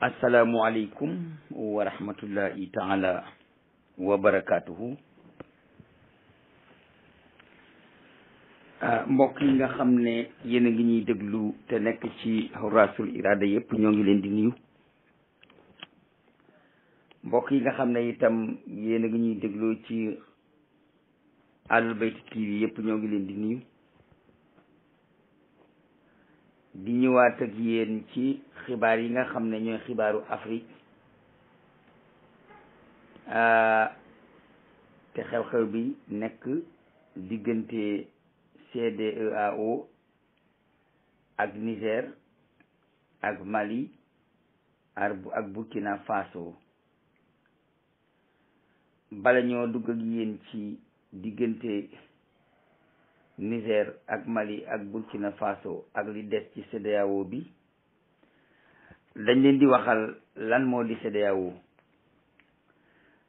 asalaamualeykum wa rahmatullahi taala wa barakaatuhu ah, mbokk yi nga xam ne yéen a ngi ñuy déglu te nekk ci Huraasul Iraada yépp ñoo ngi leen di nuyu mbokk yi nga xam ne itam yéen a ngi ñuy déglu ci Ahlul Bayt TV yëpp ñoo ngi leen di nuyu di ñëwaat ak yéen ci xibaar yi nga xam ne ñooy xibaaru Afrique ah, te xew-xew bi nekk diggante CEDEAO ak Niger ak Mali ak Burkina Faso bala ñoo dugg ak yéen ci diggante Niger ak Mali ak Burkina Faso ak li des ci CEDEAO bi dañ leen di waxal lan moo di CEDEAO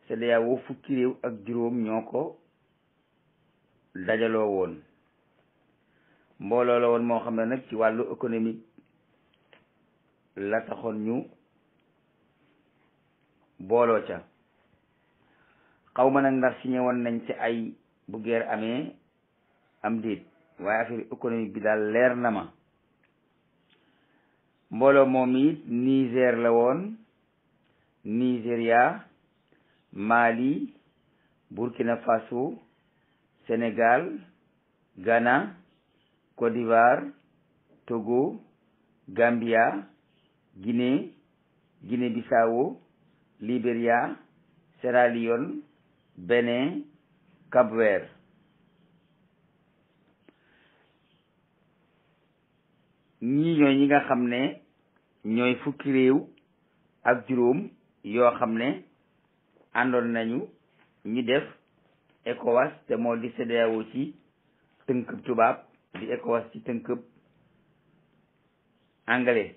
CEDEAO fukki réew ak juróom ñoo ko dajaloo woon mbooloo la woon moo xam ne nag ci wàllu économique la taxoon ñu booloo ca xaw ma nag ndax signé woon nañ ci ay bu guerre amee am déet waaye affaire économique bi daal leer na ma mbooloo moom it Niger la woon Nigeria Mali Burkina Faso Sénégal Ghana Côte d'Ivoire Togo Gambia Guinée Guinée-Bissau Libéria Sierra Leone Bénin cap ñii ñooy ñi nga xam ne ñooy fukki réew ak juróom yoo xam ne àndoon nañu ñu def ECOWAS te moo di CEDEAO ci tënkëb tubaab di ECOWAS ci tënkëb anglais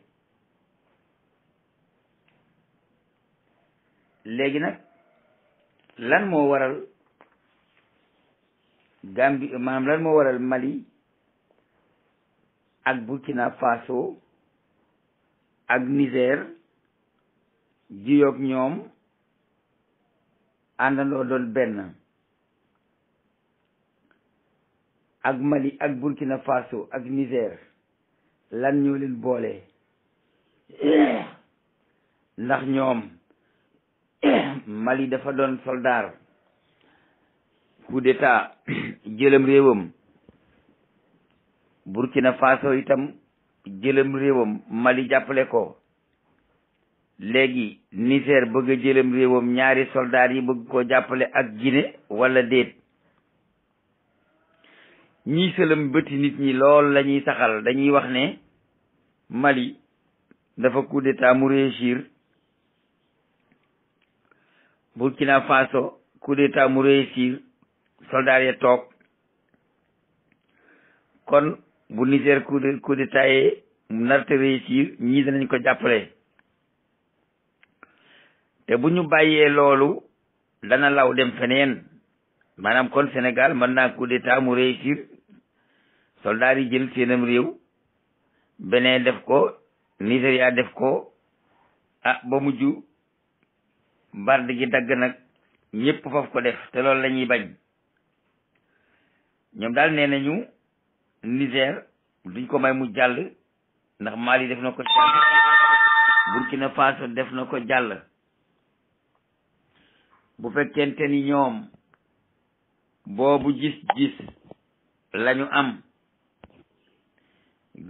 léegi nag lan moo waral Gambie maanaam lan moo waral Mali ak Burkina Faso ak Niger jiyoog ñoom àndandoo doon benn ak Mali ak Burkina Faso ak Niger lan ñoo leen boole ndax ñoom Mali dafa doon soldaar coup d'état jëlam réewam Burkina Faso itam jëlam réewam Mali jàppale ko léegi Niger bëgg a réewam ñaari soldaar yi bëgg ko jàppale ak Guinée walla déet ñii sëlam bëti nit ñi lool la ñuy saxal dañuy wax ne Mali dafa coup d'état mu réussir Burkina Faso coup d'état mu soldaar ya toog kon bu Niger coup de coup d'état narte réussir ñii dinañ ko jàppale te bu ñu bàyyee loolu dana law dem feneen maanaam kon Sénégal mën naa coup d'état mu réussir soldaar yi jël seenam réew Benin def ko Nigéria def ko a ah, ba mujj barde gi dagg nag ñépp foofu ko def te loolu lañuy bañ ñoom daal nee nañu Niger duñ ko may mu jàll ndax Mali def na ko jàll Burkina Faso def na ko jàll bu fekkente ni ñoom boobu gis-gis lañu am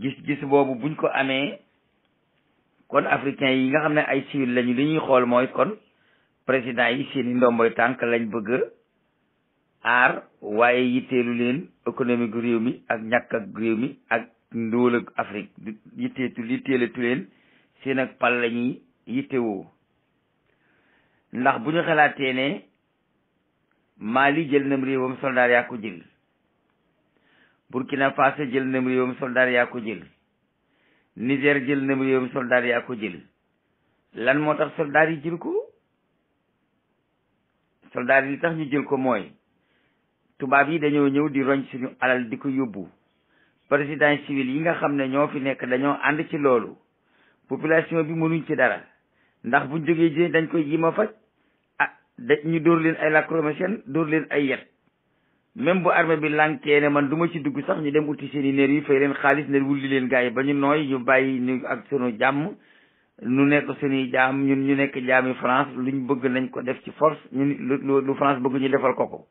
gis-gis boobu buñ ko amee kon africain yi nga xam ne ay civil lañu li ñuy xool mooy kon président yi seeni ndomboy tànk lañ bëgg aar waaye yitteelu leen économique réew mi ak ñàkk ak réew mi ak ndóol ak Afrique yitteetu yitteelatu leen seen ak pal la ñuy yittewoo ndax bu ñu xalaatee ne Mali jël nam réewam soldaar yaa ko jël Burkina Faso jël nam réewam soldaar yaa ko jël Niger jël nam réewam soldaar yaa ko jël lan moo tax soldaar yi jël ko soldaar yi li tax ñu jël ko mooy tubaab yi dañoo ñëw di roñ suñu alal di ko yóbbu président civil yi nga xam ne ñoo fi nekk dañoo ànd ci loolu population bi mënuñ ci dara ndax buñ jógee ji dañ koy jima faj ah da ñu dóor leen ay lacrymogène dóor leen ay yet même bu armée bi lànkee ne man duma ci dugg sax ñu dem uti seen i néer yi fay leen xaalis ne wulli leen gars yi ba ñu nooy ñu bàyyi ñu ak sunu jàmm nu nekk suñuy jàmm ñun ñu nekk jaami France ñu bëgg nañ ko def ci force ñun lu France bëgg ñu defal ko ko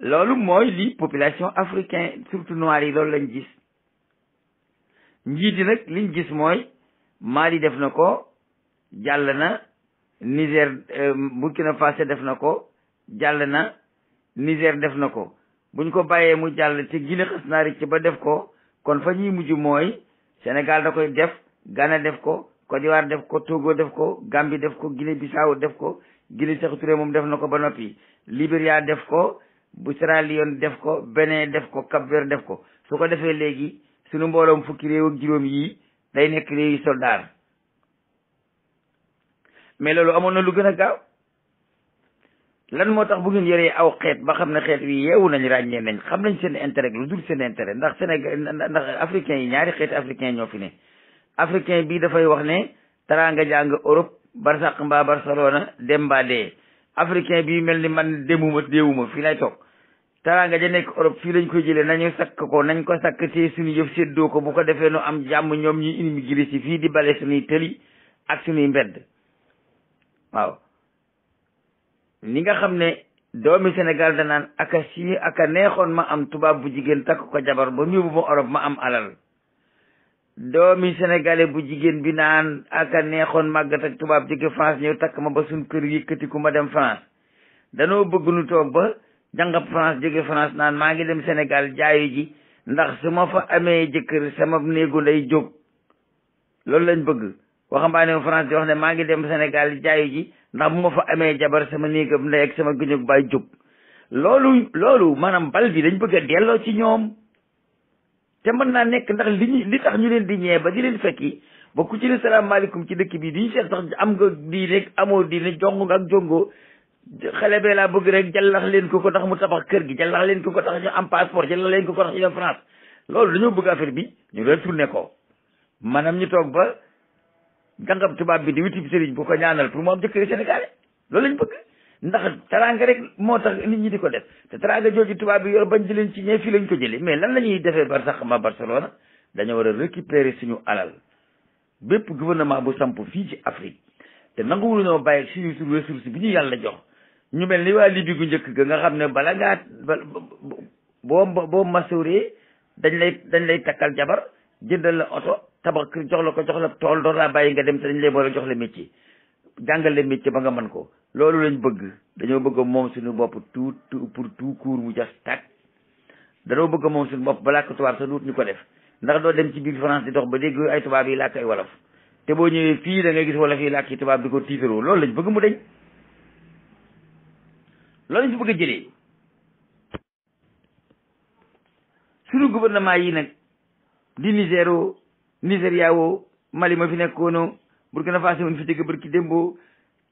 loolu mooy lii population africain surtout noirs yi loolu lañ gis njiiti nag liñ gis mooy Mali def na ko jàll na Niger euh, Burkina Faso def na ko jàll na Niger def na ko buñ ko bàyyee mu jàll ci Guinée naari ci ba def ko kon fa ñuy mujj mooy Sénégal da koy def Ghana def ko Côte d'Ivoire def ko Togo def ko Gambie def ko Guinée Bissau def ko Guinée Sékou Touré moom def na ko ba noppi Libéria def ko bu Sierra Leone def ko Benin def ko Cap Vert def ko su ko defee léegi sunu mbooloom fukki réew ak juróom yii day nekk réewi soldaar mais loolu amoon na lu gën a gaaw lan moo tax bu ngeen yi aw xeet ba xam ne xeet wi yeewu nañ ràññee nañ xam nañ seen intérêt lu dul seen intérêt ndax Sénégal ndax africain yi ñaari xeet africain ñoo fi ne africain bii dafay wax ne taraanga jàng Europe barsàq mbaa Barcelona dem mbaa dee africain bii mel ni man demuma déewuma fii lay toog teraanga ja nekk Europe fii lañ ko jëlee nañu sakk ko nañ ko sakk te suñu yëf séddoo ko bu ko defee nu am jàmm ñoom ñuy immigré si fii di bale suñuy tëli ak suñuy mbedd waaw ni nga xam ne doomi senegal danaan aka si aka neexoon ma am tubaab bu jigéen takk ko jabar ba mu yóbbu ma Europe ma am alal doomi sénégalais bu jigéen bi naan aka neexoon màggat tubaab jóge France ñëw takk ma ba suñ kër yëkkati ku ma dem France danoo bëgg nu toog ba jàngab France jóge France naan maa ngi dem Sénégal jaayu ji ndax su ma fa amee jëkkër sama néegu nday jóg loolu lañ bëgg waxambaane France di wax ne maa ngi dem Sénégal jaayu ji ndax bu ma fa amee jabar sama néegam ndey ak sama guñug baay jóg loolu loolu maanaam bal bi dañ bëgg a delloo ci ñoom te man naa nekk ndax li ñu li leen di ñee ba di leen fekki ba ku ci ne salaamaaleykum ci dëkk bi di ñu seet sax am nga diine amoo diine jong ak jongo xale bee laa bëgg rek jàllax leen ko ko ndax mu tabax kër gi jàllax leen ko ko tax ñu am passeport jàllax leen ko ko tax ñu dem France loolu dañoo bëgg affaire bi ñu retourné ko maanaam ñu toog ba jàngam tubaab bi di witib sëriñ bu ko ñaanal pour mu am jëkkër sénégalais loolu lañ bëgg ndax teraanga rek moo nit ñi di ko def te teraanga tubaab bi yor bañ di leen ci ñee fii lañ ko jëlee mais lan la ñuy defee bar sax ma Barcelona dañoo war a récupérer ñu alal bépp gouvernement bu samp fii ci Afrique te nanguwul ñoo bàyyi suñu ressource bi ñu yàlla jox ñu mel ni waa Libi gu njëkk ga nga xam ne bala ngaa boo boo masuuree dañ lay dañ lay takkal jabar jëndal la oto tabax kër jox la ko jox la tool door laa bàyyi nga dem te dañ lay boole jox la métier jàngal la métier ba nga mën ko loolu lañ bëgg dañoo bëgg moom suñu bopp tout pour tout court mu jas tàkk dañoo bëgg moom suñu bopp balaa ko tubaab sa duut ñu ko def ndax doo dem ci biir France di dox ba dégg ay tubaab yi làkk ay wolof te boo ñëwee fii da ngay gis wolof yi làkk yi di ko tiitaroo loolu lañ bëgg mu deñ loolu ñu fi bëgg a jëlee suñu gouvernement yi nag di Nigéro woo Mali ma fi nekkoonoo Burkina Faso ma fi dëgg bërki démboo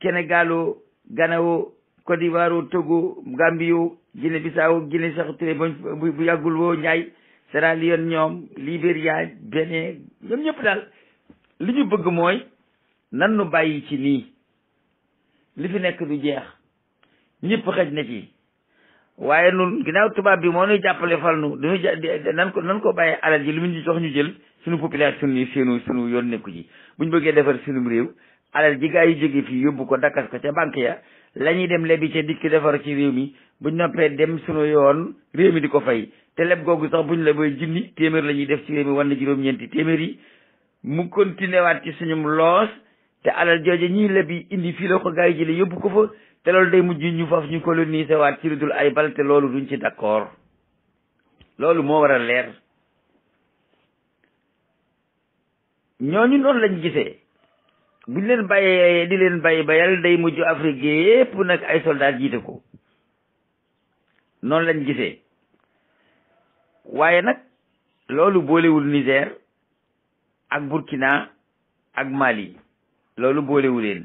Sénégalo Ganao Côte d'Ivoire o Togo Gambio Guinée Bissau Guinée sax ture bu yàggul woo Njaay Sierra Leone ñoom Libéria Bénin ñoom ñëpp daal li ñu bëgg mooy nan nu bàyyi ci nii li fi nekk du jeex ñëpp xaj na ci waaye nun ginnaaw tubaab bi moo nuy jàppale fal nu duñu nan ko nan ko bàyyee alal ji lu mu ñu jox ñu jël suñu population yi seenu suñu yoon nekku ji ñu bëggee defar sunum réew alal ji gaa yi jóge fii yóbbu ko dakkas ko ca banque ya la ñuy dem lebi ca dikk defar ci réew mi buñ noppee dem suñu yoon réew mi di ko fay te leb googu sax buñ la boy junni téeméer la ñuy def ci réew mi wan juróom-ñeenti téeméer yi mu continué waat ci suñum loos te alal jooje ñuy lebi indi fii ko ko te loolu day mujj ñu faf ñu coloniser waat ci lu dul ay bal te loolu duñ ci d'accord loolu moo war a leer ñoo ñooñu noonu lañ gisee buñ leen bàyyee di leen bàyyi ba yàlla day mujj Afrique yépp nag ay soldats jiite ko noonu lañ gisee waaye nag loolu boolewul Niger ak Burkina ak Mali loolu boolewu leen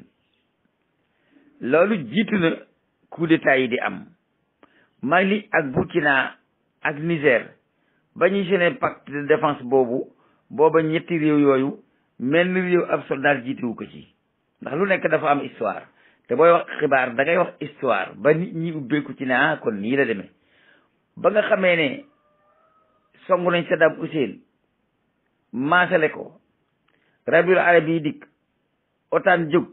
loolu jiitu na coup d'état yi di am Mali ak Burkina ak Niger ba ñuy signé pacte de défense boobu booba ñetti réew yooyu mel ni réew ab soldat jiituwu ko ci ndax lu nekk dafa am histoire te booy wax xibaar da ngay wax histoire ba nit ñi ubbeeku ci ne ah kon nii la demee ba nga xamee ne song nañ Saddam Hussein maasale ko rabiul arabi yi dikk otaan jóg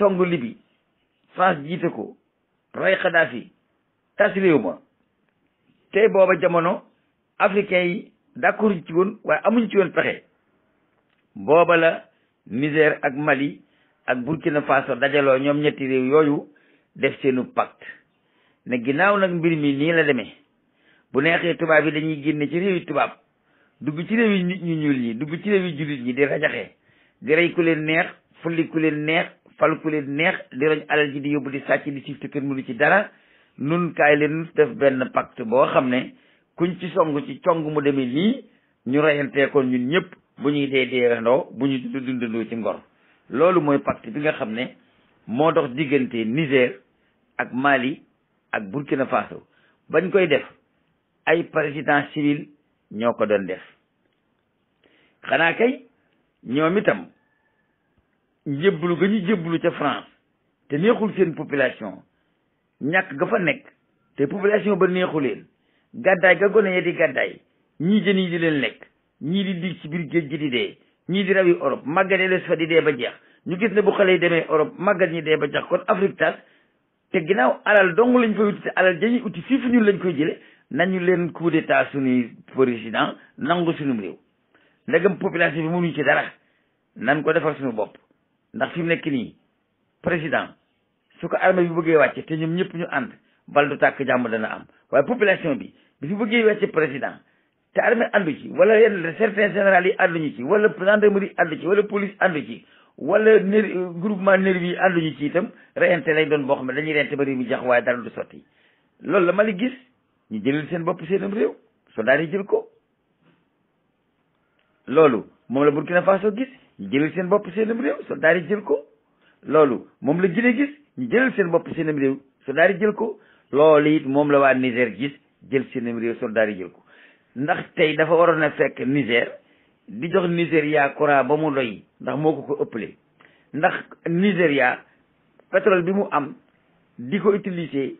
songu libi France jiite ko rey Kadhafi tas réew ma tey booba jamono africain yi d'accord ci woon waaye amuñu ci woon pexe booba la Niger ak Mali ak Burkina Faso dajaloo ñoom ñetti réew yooyu def seenu pacte ne ginnaaw nag mbir mi nii la demee bu neexee tubaab yi dañuy génne ci réew tubaab dugg ci réew yi nit ñu ñuul ñi dugg ci réew yi jullit ñi di rajaxee di rey ku leen neex fulli ku leen neex fal ku neex di roñ alal ji di yóbbu di sàcc di siif te mu mënu ci dara nun kaay leen def benn pacte boo xam ne kuñ ci song ci cong mu demee nii ñu reyanteekoon ñun ñëpp bu ñuy dee deewandoo bu ñu dund dundandoo ci ngor loolu mooy pacte bi nga xam ne moo dox diggante Niger ak Mali ak Burkina Faso bañ koy def ay président civil ñoo ko doon def xanaa kay ñoom itam njébbalu ga ñu jébbalu ca France te neexul seen population ñàkk ga nekk te population ba neexu leen gàddaay ga gone ya di gàddaay ñii jën yi di leen lekk ñii di dig ci biir géej gi di dee ñii di rawi Europe màggat les fa di dee ba jeex ñu gis ne bu xale yi demee Europe màggat ñi dee ba jeex kon Afrique tas te ginnaaw alal dong lañ fay uti te alal jañuy uti si fi ñun lañ koy jële nañu leen coup d'état suñuy président nangu sunum réew ndegam population bi mënuñ ci dara nan ko defar suñu bopp ndax fi mu nekk nii président su ko armée bi bëggee wàcce te ñoom ñëpp ñu ànd bal du tàkk jàmm dana am waaye population bi bi su bëggee wàcce président te armée àndu ci wala yenn certains généraux yi ànduñu ci wala gendarmerie àndu ci wala police àndu ci wala ner groupement nervi yi ànduñu ci itam reyante lay doon boo xam ne dañuy reyante ba réew mi jax waaye dara du sotti loolu la Mali gis ñu jëlal seen bopp seenam réew soldat yi jël ko loolu moom la Burkina Faso ñu seen bopp seenam réew soldaar yi jël ko loolu moom la Guinée gis ñu seen bopp seenam réew soldaar yi jël ko loolu moom la waa Niger gis jël seenam réew soldaar yi jël ko ndax tey dafa waroon a fekk Niger di jox Nigéria courant ba mu doy ndax moo ko ko ëppalee ndax nigeria pétrole bi mu am di ko utiliser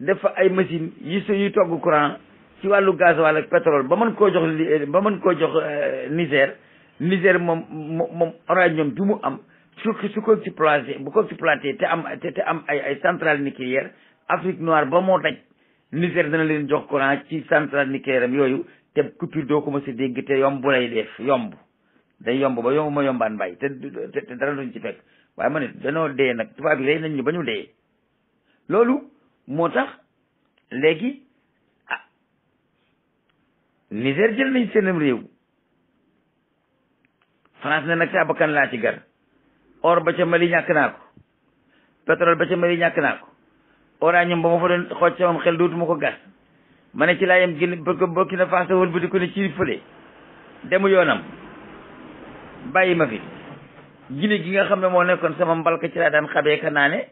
dafa ay machine yi su yuy togg courant ci wàllu gasoil ak pétrole ba mën koo jox ba mën koo jox euh, Niger misère moom moom orage ñoom mu am su su ko exploité bu ko exploité te am te am ay ay centrale nucléaire Afrique noire ba moo daj Niger dana leen jox courant ci centrale nucléaire am yooyu te coupure doo ko mos a dégg te yomb lay def yomb day yomb ba yomb ma yombaan mbay te te duñ ci fekk waaye ma ne danoo dee nag tubaab yi rey nañ ñu ba ñu dee loolu moo tax léegi ah Niger jël nañ seenam réew France ne nag ca bakkan laa ci gar or ba ca Mali ñàkk naa ko pétrole ba ca Mali ñàkk naa ko uranium ba ma fa doon xooj sama xel dootuma ko gas ma ne ci laa yem gën na Burkina Faso woon bu di ko ne ci fële demu yoonam bàyyi ma fi gine gi nga xam ne moo nekkoon sama mbalka ci laa daan xabee ka naa ne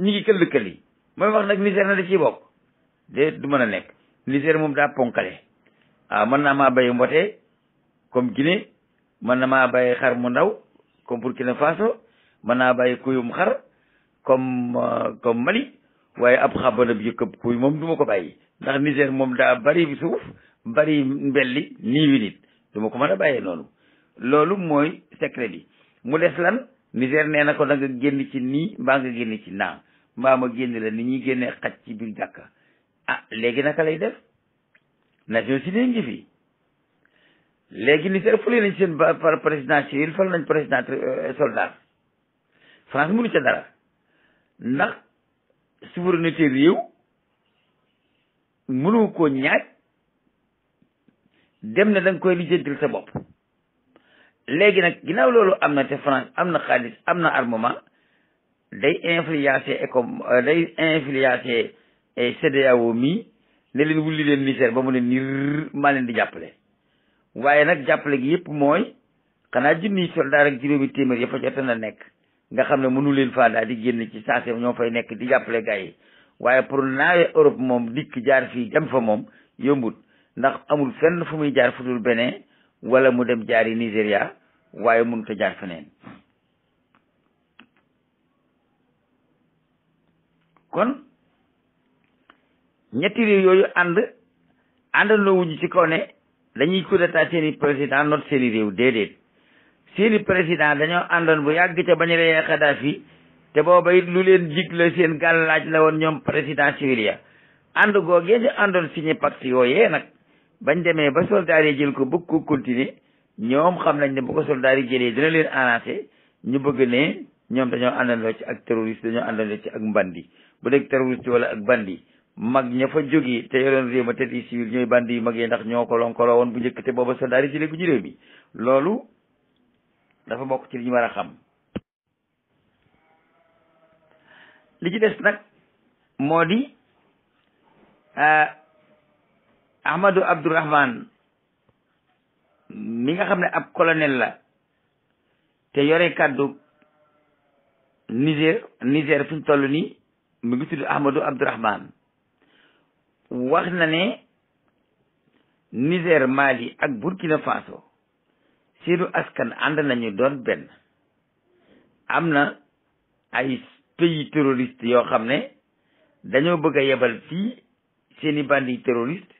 ñi ngi këll-këll yi mooy wax nag Niger na da ciy bokk de du mën a nekk Niger moom daa ponkale waaw ah, mën naa maa béyu mbotee comme Guinée mën na maa bàyyi xar mu ndaw comme Burkina Faso mën naa bàyyi kuyum xar comme euh, comme Mali waaye ab xabanab yëkkëb kuy moom duma ko bàyyi ndax Niger moom daa bari bi suuf bari mbelli nii wi nit du ma ko mën a bàyyee noonu loolu mooy secret bi mu des lan Niger nee na ko da nga génn ci nii mbaa nga génn ci naa mbaa ma génn la ni ñuy génnee xaj ci biir jàkka ah léegi naka lay def Nations Unies ngi fi léegi ni sax fële nañ seen par président civil fal nañ président euh, soldat France mënu ca dara ndax souveraineté réew mënu ko ñaaj dem na da nga koy lijjantil sa bopp léegi nag ginnaaw loolu am na te France am na xaalis am na armement day influencé ECOM euh, day influencé euh, CEDEAO mi ne leen wulli leen Niger ba mu ne nii maa leen di jàppale waaye nag jàppale gi yëpp mooy xanaa junniy soldaar ak juróomi téeméer yëpp a jot na nekk nga xam ne mënu leen daal di génn ci saase ñoo fay nekk di jàppale gars waaye pour naawee Europe moom dikk jaar fi dem fa moom yombut ndax amul fenn fu muy jaar fu dul Benin wala mu dem jaari Nigéria waaye mënut a jaar feneen kon ñetti réew yooyu ànd àndandoo wuñu ci kaw ne dañuy coup d'état seen i président not seen i réew déedéet seen i président dañoo àndoon bu yàgg ca bañ a reyee Kadhafi te booba it lu leen jig la seen gàllaaj la woon ñoom président civil ya ànd googee ñu àndoon signé pacte yooyee nag bañ demee ba soldat yi jël ko bëgg koo continuer ñoom xam nañ ne bu ko soldat yi jëlee dina leen arrangé ñu bëgg ne ñoom dañoo àndandoo ci ak terroriste dañoo àndandoo ci ak mbandi bu dee terroriste walla ak bandi mag ña fa jóge te yoroon réew ma tête civile ñooy bandi mag yi ndax ñoo ko bu njëkk te booba soldaar yi si léegi ñu réew loolu dafa bokk ci li ñu war a xam li ci des nag moo di euh, Ahmadou Abdourahman mi nga xam ne ab colonel la te yore kàddu Niger Niger fi ñu toll nii mu ngi tudd Ahmadou Abdourahman wax na ne Niger yi ak Burkina Faso seenu askan ànd nañu doon benn am na ay pays terroriste yoo xam ne dañoo bëgg a yebal fii seeni bandi terroriste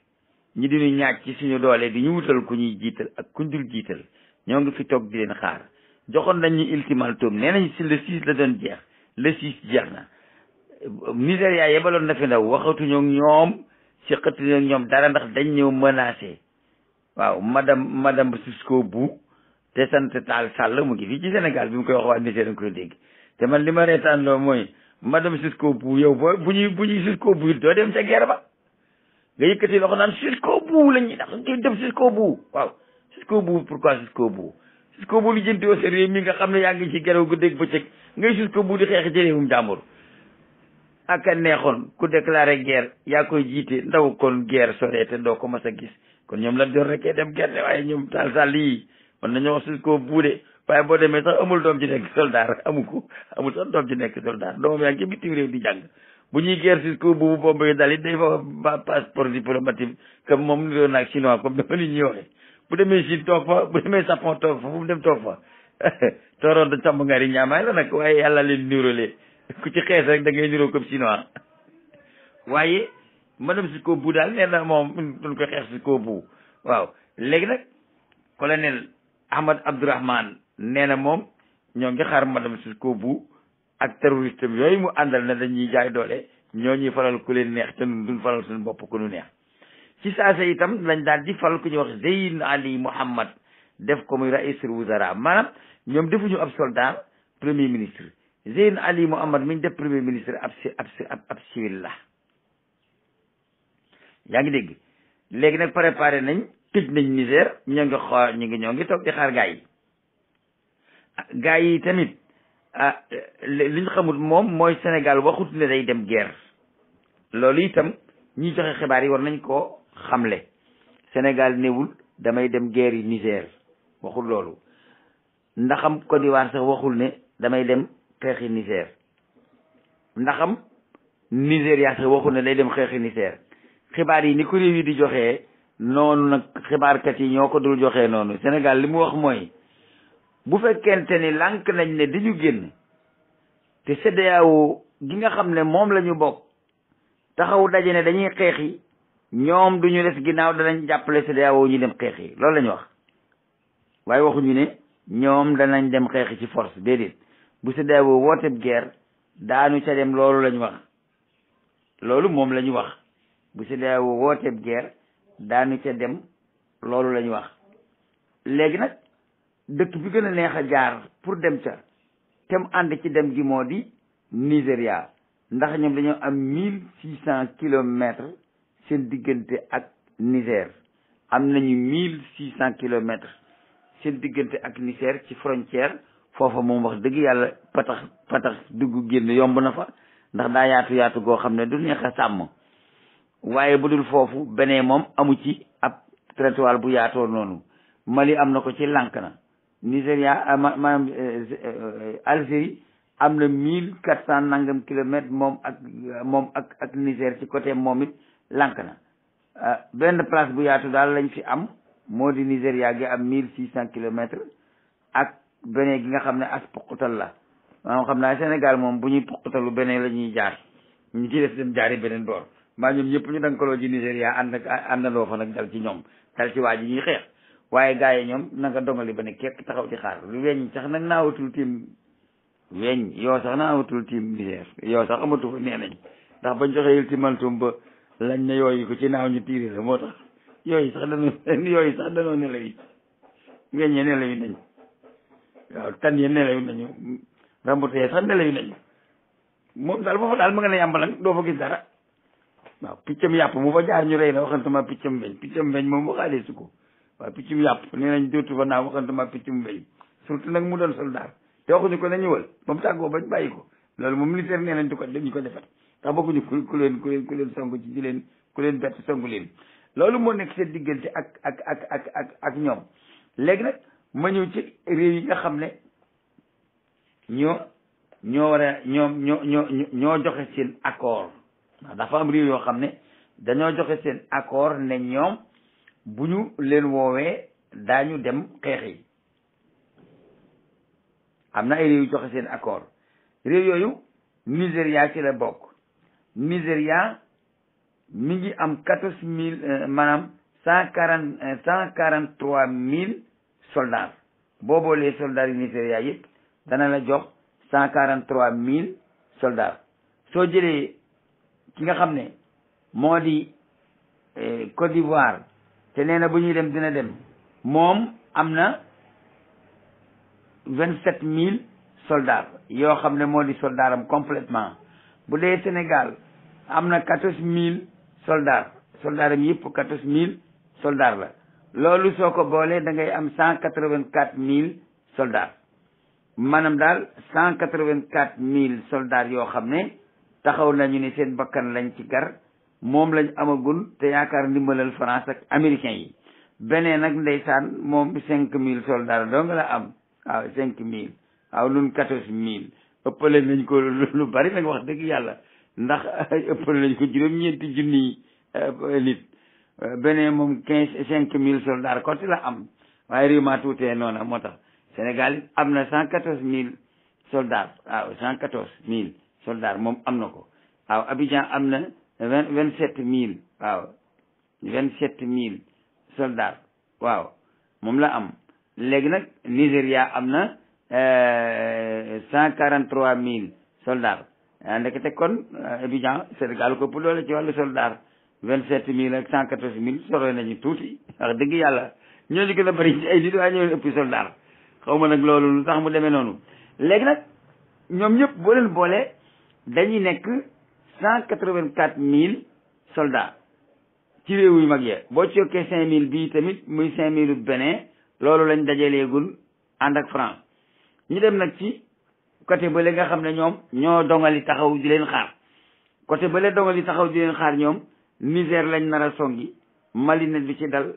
ñi di ñu ñaaj suñu doole di ñu wutal ku ñuy jiital ak ku dul jiital ñoo ngi fi toog di leen xaar joxoon nañ ñu ultimatum nee nañ si le six la doon jeex le six jeex na Nigéria yebaloon na fi ndaw waxatuñu ñoom séqatuñu ak ñoom dara ndax dañ ñëw menacé waaw madame madame Cisco bu te sant Tall Sall mu mu koy wax waa Niger dañ koy dégg te man li ma reetaan loo mooy madame Cisco bu yow boo bu ñuy bu ñuy Cisco doo dem ca guerre ba nga yëkkati loxo naan Cisco bu la ñuy ndax ñu dem Cisco bu waaw Cisco bu pourquoi Cisco bu Cisco bu lu jëntiwoo sa réew mi nga xam ne yaa ngi ci guerre gu dégg bëccëg ngay Cisco bu di xeex ci réewum jàmbur ak a neexoon ku déclaré guerre yaa koy jiite ndaw kon guerre sore te doo ko mas a gis kon ñoom la jor rekkee dem guerre waaye ñoom taal sàll yi mën nañoo sus koo buude waaye boo demee sax amul doom ji nekk soldat amu ko amul sax doom ji nekk soldat doom yaa ngi bitim réew di jàng bu ñuy guerre sus koo buubu bomba yi dal it day fa ba passeport diplomatique comme moom niroo naag chinois comme dafa nit ñuy waxee bu demee Chine toog fa bu demee Japon toog fa la nag waaye yàlla leen niróolee ku ci xees rek da ngay niroo comme chinois waaye madame Sicko bu daal nee na moom duñ ko xeex Sicko bu waaw léegi nag colonel Ahmad Abdourahman nee na moom ñoo ngi xaar madame ko bu ak terroriste yooyu mu àndal ne dañuy jaar doole ñoo ñuy faral ku leen neex te nun duñ faral bopp ku nu neex ci saase itam lañ daal di faral ku ñuy wax Zeyn Ali Mohammed def ko muy raïsul wuzara maanaam ñoom defuñu ab soldat premier ministre Zeyn Ali Mohamed mi ñu def premier ministre ab si ab si ab ab civil la yaa ngi dégg léegi nag préparé nañ tëj nañ Niger ñoo ngi xaar ngi ñoo ngi toog di xaar gaa yi yi tamit ah li ñu xamul moom mooy Sénégal waxut ne day dem guerre loolu itam ñi joxe xibaar yi war nañ koo xamle Sénégal néewul damay dem guerre yi Niger waxul loolu ndaxam Côte d'Ivoire waxul ne damay dem xeexi Niger ndaxam Nigéria sax waxu ne day dem xeexi Niger xibaar yi ni ko réew yi di joxee noonu nag xibaarkat yi ñoo ko dul joxe noonu senegal li mu wax mooy bu fekkente ni lànk nañ ne dañu génn te CEDEAO gi nga xam ne moom la ñu bokk taxaw daje ne dañuy xeex yi ñoom duñu des ginnaaw danañ jàppale CEDEAO ñu dem xeex yi loolu la wax waaye waxuñu ni ñoom danañ dem xeex ci force déedéet bu CEDEAO wooteb guerre daanu ca dem loolu lañ wax loolu moom la ñu wax bu CEDEAO wooteb guerre daanu ca dem loolu lañu wax léegi nag dëkk bi gën a neex a jaar pour dem ca te ànd ci dem gi moo di Nigéria ndax ñoom dañoo am mille six cent kilomètres seen diggante ak Niger am nañu mille six cent kilomètres seen diggante ak Niger ci frontière foofa moom wax dëgg yàlla patax patax duggu génn yomb na fa ndax daa yaatu yaatu goo xam ne du neex a sàmm waaye bu dul foofu bene moom amu ci ab trottoir bu yaatoo noonu Mali am na ko ci lànk na Nigéria ah, maanaam eh, eh, Algérie am na mille quatre cent nangam kilomètres moom ak moom ak ak Niger ci côté moom it lànk na ah, benn place bu yaatu daal lañ fi am moo di Nigéria gi am mille six cent kilomètres ak benee gi nga xam ne as puqutal la maanaam xam naa senegal moom bu ñuy puqutalu benee la ñuy jaar ñu ci def jaar jaari beneen boor maa ñoom ñëpp ñu dankaloo ji Nigéria ànd ak àndandoo fa nag dal ci ñoom dal ci waa ji ñuy xeex waaye gars yi ñoom nanga dongali ba ne kekk taxaw di xaar lu weñ sax nag naawatul tiim weñ yoo sax naawatul tiim Niger yoo sax amatu fa nee nañ ndax bañ joxe ultimatum ba lañ ne yooyu ko ci naaw ñu tiire la moo tax yooyu sax danoo yooyu sax danoo nelaw yi weñ ne nelaw waaw tan yi nelaw nañu rambuta yi sax nelaw nañu moom daal foofu daal ma nga ne yàmba nag doo fa gis dara waaw piccam yàpp mu fa jaar ñu rey na picc waxantuma piccam mbeñ piccam mbeñ moom waxaale su ko waaw piccum yàpp nee nañ dootu fa naa waxantuma piccum mbeñ surtout nag mu doon soldaar te waxuñu ko ne ñëwal ba mu tàggoo bañ bàyyi ko loolu moom militaire nee nañ du ko dañu ko defat ndax bëgguñu ku ku leen ku leen ku leen song ci di leen ku leen bett song leen loolu moo nekk seen diggante ak ak ak ak ak ak ñoom léegi ma ñëw ci réew yi nga xam ne ñoo ñoo war ñoom ñoo joxe seen accord ndax dafa am réew yoo xam ne dañoo joxe seen accord ne ñoom bu ñu leen woowee daañu dem xeex yi am na ay réew yu joxe seen accord réew yooyu Nigéria ci la bokk Nigéria mi ngi am quatorze mille euh, maanaam cent quarante euh, cent quarante trois mille soldats boo boolee soldats yu Nigéria yëpp dana la jox cent quarante trois mille soldats soo jëlee ki nga xam ne moo di eh, Côte d'Ivoire te nee na bu ñuy dem dina dem moom am na vingt sept mille soldats yoo xam ne moo di soldaram complètement bu dee Sénégal am na quatorze mille soldats soldaram yëpp quatorze mille soldats la loolu soo ko boolee da ngay am cent quatre vingt quatre mille soldats maanaam daal cent quatre vingt quatre mille soldats yoo xam ne taxaw nañu ne seen bakkan lañ ci gar moom lañ amagul te yaakaar ndimbalal France ak américains yi beneen nag ndeysaan moom cinq mille soldats doo nga la am waaw cinq mille waaw nun quatorze mille ëppale nañ ko lu bari nag wax dëgg yàlla ndax ëppale nañ ko juróom-ñeenti junni euh, nit Eh, beneen moom quinze cinq mille soldats côté la am waaye réew maa noona moo tax Sénégal am na cent quatorze mille soldats waaw cent quatorze mille soldats moom am na ko waaw Abidjan am na vingt vingt sept mille waaw vingt sept mille soldats waaw moom la am léegi nag Nigéria am na eh, cent quarante trois mille soldats eh, ndekete kon Abidjan Sénégal ko ëpp doole ci wàllu soldats vingt sept mille ak cent quatorze mille sore nañu tuuti wax dëgg yàlla ñoo ci gën a bëri ci ay nit waaye ëpp soldaar xaw ma nag loolu lu tax mu demee noonu léegi nag ñoom ñëpp boo leen boolee dañuy nekk cent quatre vingt quatre mille soldats ci réew yu mag ya boo ci yokkee cinq mille bii tamit muy cinq mille bene loolu lañu lañ dajaleegul ànd ak France ñu dem nag ci côté bële nga xam ne ñoom ñoo dongali taxaw di leen xaar côté bële dongali taxaw di leen xaar ñoom Niger lañ nar a songi Mali ne du ci dal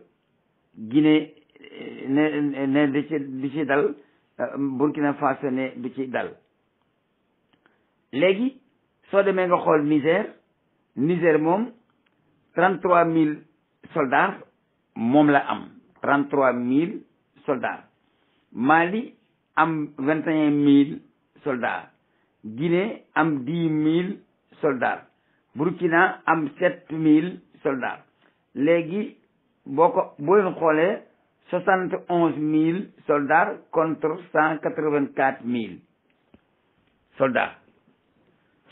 Guinée eh, ne ne du ci du ci dal euh, Burkina Faso ne du ci dal léegi soo demee nga xool Niger Niger moom trente-trois mille soldats moom la am trente-trois mille soldats Mali am vingt et un mille soldats Guinée am dix mille soldats Burkina am sept mille soldats léegi boo ko boo leen xoolee soixante onze mille soldats contre cent quatre vingt quatre mille soldats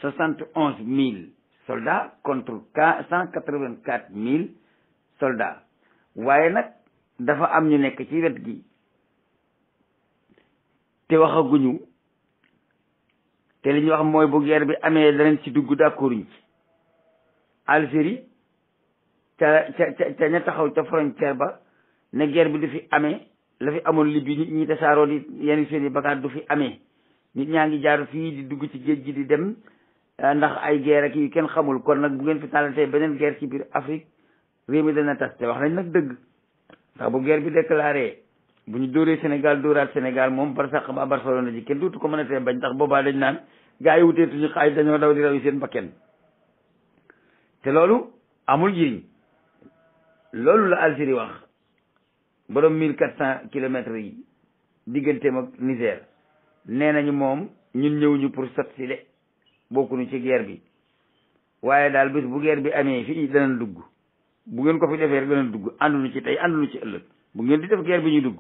soixante onze mille soldats contre cent quatre vingt quatre mille soldats waaye nag dafa am ñu nekk ci wet gi te waxaguñu te li ñu wax mooy bu guerre bi amee leneen ci dugg d'accord ñu ci Algérie ca ca ca ña taxaw ca frontière ba ne guerre bi du fi amee la fi amoon Libye nit ñi tasaaroo di yenn seen i bagaat du fi amee nit ñaa ngi jaar fii di dugg ci géej gi di dem eh, ndax ay ger ak yu kenn xamul kon nag bu ngeen fi tàllatee beneen guerre ci biir Afrique réew mi dana tas te wax nañ nag dëgg ndax bu guerre bi déclaré bu ñu dóoree Sénégal dóoraat Sénégal moom bar sax ba Barcelone ji kenn dootu ko mën a tee bañ tax boobaa dañ naan gaa yi wuteetuñu xaaj dañoo daw te loolu amul njëriñ loolu la Algérie wax boroom mille quatre cent kilomètres yi digganteem ak Niger nee nañu moom ñun ñëwuñu pour sot si de bokkuñu ci geer bi waaye daal bis bu guerre bi amee fii danañ dugg bu ngeen ko fi defee rek danañ dugg ànduñu ci tey ànduñu ci ëllëg bu ngeen di def guerre bi ñu dugg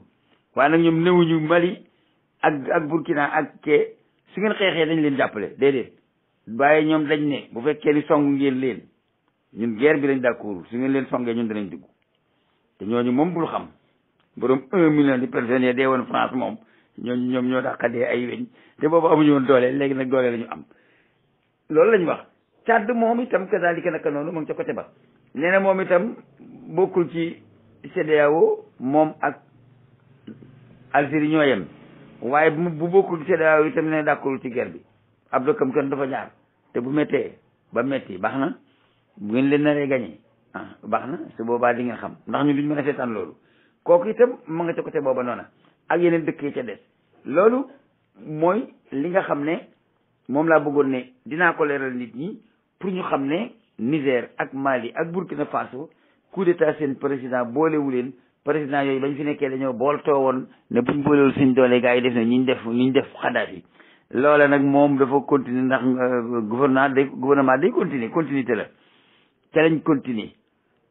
waaye nag ñoom néewuñu Mali ak ak Burkina ak kee su ngeen xeexee dañ leen jàppale déedéet waaye ñoom dañ ne bu fekkee ni song ngeen leen ñun geer bi lañ d'accord su ngeen leen songee ñun danañ dugg te ñooñu moom bul xam borom un million de personnes yi woon France moom ñooñu ñoom ñoo daqa xadee ay weñ te boobu amuñu woon doole léegi nag doole lañu am loolu lañu wax Tchad moom itam kazaalika naka noonu moom ngi ca côté ba nee moom itam bokkul ci CEDEAO moom ak Algérie ñoo yem waaye bu bokkul ci CEDEAO itam nee na d'accordul ci guerre bi ab mu kenn dafa jaar te bu méttee ba metti baax bu ngeen leen na gañee ah baax na su boobaa di ngeen xam ndax ñu duñ mën a seetaan loolu kooku itam ma nga ca côté booba noona ak yeneen dëkk yi ca def loolu mooy li nga xam ne moom laa bëggoon ne dinaa ko leeral nit ñi pour ñu xam ne Niger ak Mali ak Burkina Faso coup d'état seen président boolewu leen président yooyu bañ fi nekkee dañoo bool too woon ne buñ boolewul suñ doole gars yi def ne ñu ñu def ñu ñu def xadaat yi loola nag moom dafa continuer ndax euh, gouvernement day gouvernement day continuer continuité la ca lañ continuer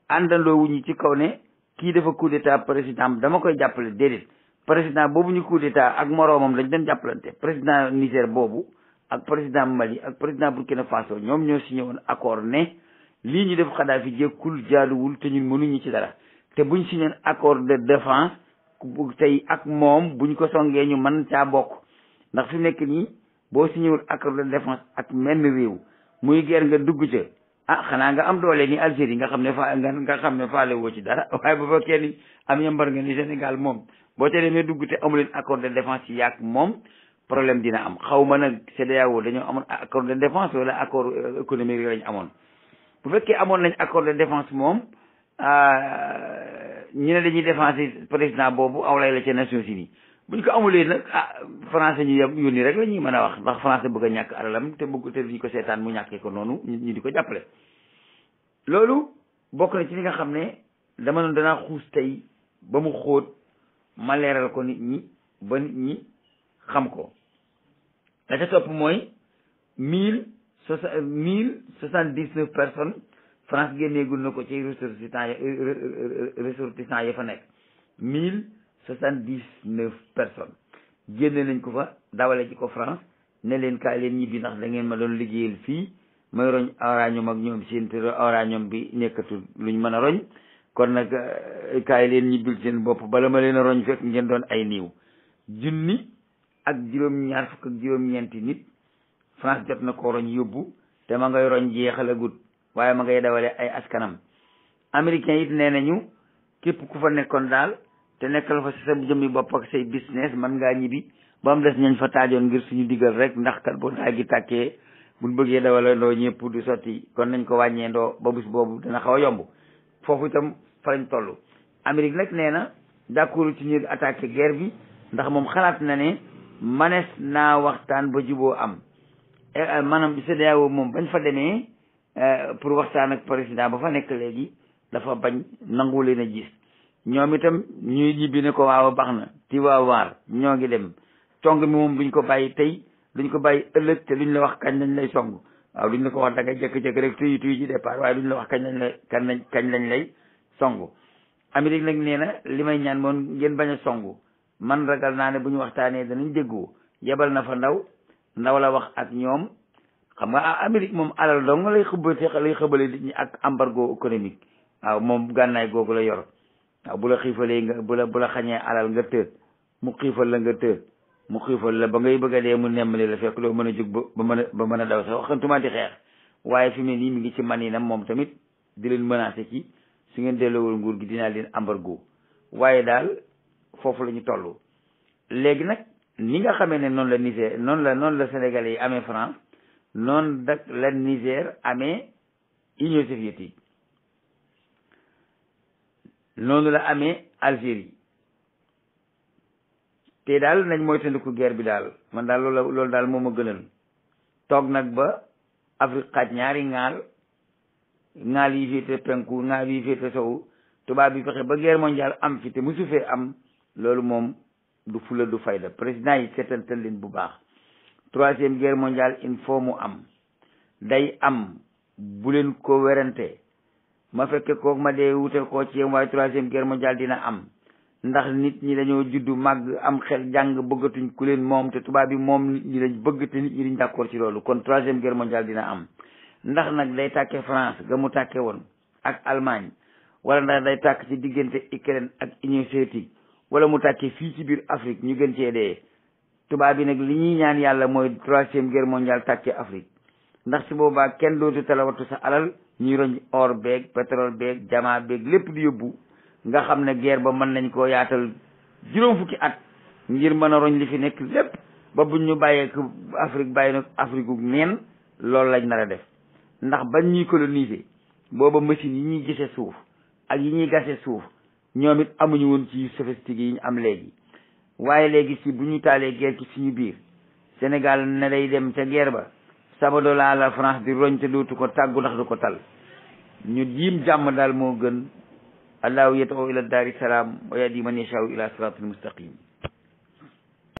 àndandoo ci kaw ne kii dafa coup d'état président dama koy jàppale déedéet président boobu ñu coup d'état ak moroomam lañ doon jàppalante président Niger boobu ak président Mali ak président Burkina Faso ñoom ñoo signé woon accord ne lii ñu def Kadhafi jékkul jaaduwul te ñun mënuñu ci dara te buñ signé accord de défense tey ak moom buñ ko songee ñu mën caa bokk ndax fi nekk nii boo signé wul accord de défense ak menn réew muy guerre nga dugg ca ah xanaa nga am doole ni Algérie nga xam ne fa nga xam ne faale woo ci dara waaye bu fekkee ni am yambar nga ni Sénégal moom boo ca demee dugg te amu leen accord de défense yi yàgg moom problème dina am xaw ma nag CEDEAO dañoo amoon accord de défense wala accord euh, économique lañ amoon bu fekkee amoon nañ accord de défense moom ah, ñu ne dañuy défense président boobu aw lay la ca Nations Unies buñ ko amulee nag ah français ñu yem yónni rek la ñuy mën a wax ndax français bëgg a ñàkk alalam te bëgg te ñu ko seetaan mu ñàkkee ko noonu ñu di ko jàppale loolu bokk na ci li nga xam ne dama noonu danaa xuus tey ba mu xóot ma leeral ko nit ñi ba nit ñi xam ko la ca topp mooy mille soixante mille soixante dix neuf personnes France génneegul na ko ci ressortissants ressortissants ya fa nekk mille soixante dix neuf personnes génne nañ ko fa dawale ji ko France ne leen kaay leen ñibbi ndax da ngeen ma doon liggéeyal fii may roñ uranium ak ñoom seen uranium bi nekkatul luñ mën a roñ kon nag eh, kaay leen ñibbil seen bopp bala ma leen a roñ fekk ngeen doon ay niiw junni ak juróom-ñaar fukk ak juróom-ñeenti nit France jot na ko roñ yóbbu te ma ngay roñ jeexalagut waaye ma ngay dawale ay askanam américains it nee nañu képp ku fa nekkoon daal te nekkal fa ci sa jëmmi bopp ak say business man ngaa ñibbi ba mu des ñañ fa taajoon ngir suñu diggal rek ndax kat bu daa gi tàkkee buñ bëggee dawalandoo ñëpp du sotti kon nañ ko wàññeendoo ba bés boobu dana xaw a yomb foofu itam fa lañ toll Amérique nag nee na d'accord ci ñu attaqué guerre bi ndax moom xalaat na ne manes naa waxtaan ba juboo am eh, eh, maanaam CEDEAO moom bañ fa demee eh, pour waxtaan ak président ba fa nekk léegi dafa bañ nangu leen a gis ñoom itam ñuy jibbi ne ko waaw a baax na ti ñoo ngi dem song mi moom duñ ko bàyyi tey duñ ko bàyyi ëllëg te luñ la wax kañ lañ lay song waaw duñ la ko wax da ngay jëkk rek tuyi tuyi ci départ waaye duñ la wax kañ lañ lay lañ kañ lañ lay song Amérique nag nee na li may ñaan moom ngeen bañ a song man ragal naa ne bu ñu waxtaanee danañ déggoo yebal na fa ndaw ndaw la wax ak ñoom xam nga ah, Amérique moom alal dong lay xëbate lay xëbale nit ñi ak embargo économique waaw moom gànnaay googu la yor waaw bu la xiifalee nga bu la bu la xañee alal nga të mu xiifal la nga të mu xiifal la ba ngay bëgg a dee mu nemmali la fekk loo mën a jóg ba mën a ba mën a daw sax di xeex waaye fi mu nii mi ngi ci man yi nag moom tamit di leen menacé ci su ngeen delloowul nguur gi dinaa leen waaye daal foofu la ñu toll léegi nag ni nga xamee ne noonu la Niger noonu la noonu la Sénégalais yi amee France noonu dak la Niger amee Union soviétique noonu la amee Algérie te daal nañ moytandiku guerre bi daal man daal loolu loolu daal moom ma gënal toog nag ba Afrique xaaj ñaari ŋaal ŋaal yi féete penku ŋaal yi féete sowu tubaab bi fexe ba guerre mondiale am fi te musu fee am loolu moom du fula du fayda président yi seetantal leen bu baax troisième guerre mondiale il faut mu am day am bu leen ko werante ma fekke kook ma dee wutal koo ci yéen waaye troisième guerre dina am ndax nit ñi dañoo juddu màgg am xel jàng bëggatuñ ku leen moom te tubaab bi moom nit ñi lañ bëgg te nit ñi dañ d'accord ci loolu kon troisième guerre mondiale dina am ndax nag day tàkke France ga mu tàkke woon ak Allemagne wala ndax day tàkk ci diggante Ukraine ak Union soviétique wala mu tàkke fii ci biir Afrique ñu gën cee dee tubaab bi nag li ñuy ñaan yàlla mooy troisième guerre mondiale tàkke Afrique ndax su ñuy roñ or beeg pétrole beeg jamaa beeg lépp di yóbbu nga xam ne guerre ba mën nañ koo yaatal juróom fukki at ngir mën a roñ li fi nekk lépp ba buñ ñu bàyyee ko Afrique bàyyi na Afrique neen loolu lañ nar a def ndax bañ ñuy coloniser booba machine yi ñuy gise suuf ak yi ñuy gase suuf ñoom it amuñu woon ci sophistique yi ñu am léegi waaye léegi si bu ñu taalee guerre ci suñu biir Sénégal ne day dem ca guerre ba sabado laa la France di roñ te dootu ko tàggu ndax du ko tal ñu jiim jàmm daal moo gën allahu yata o ila daari salaam wa yahdi man yashaaw ila siraatil mustaqim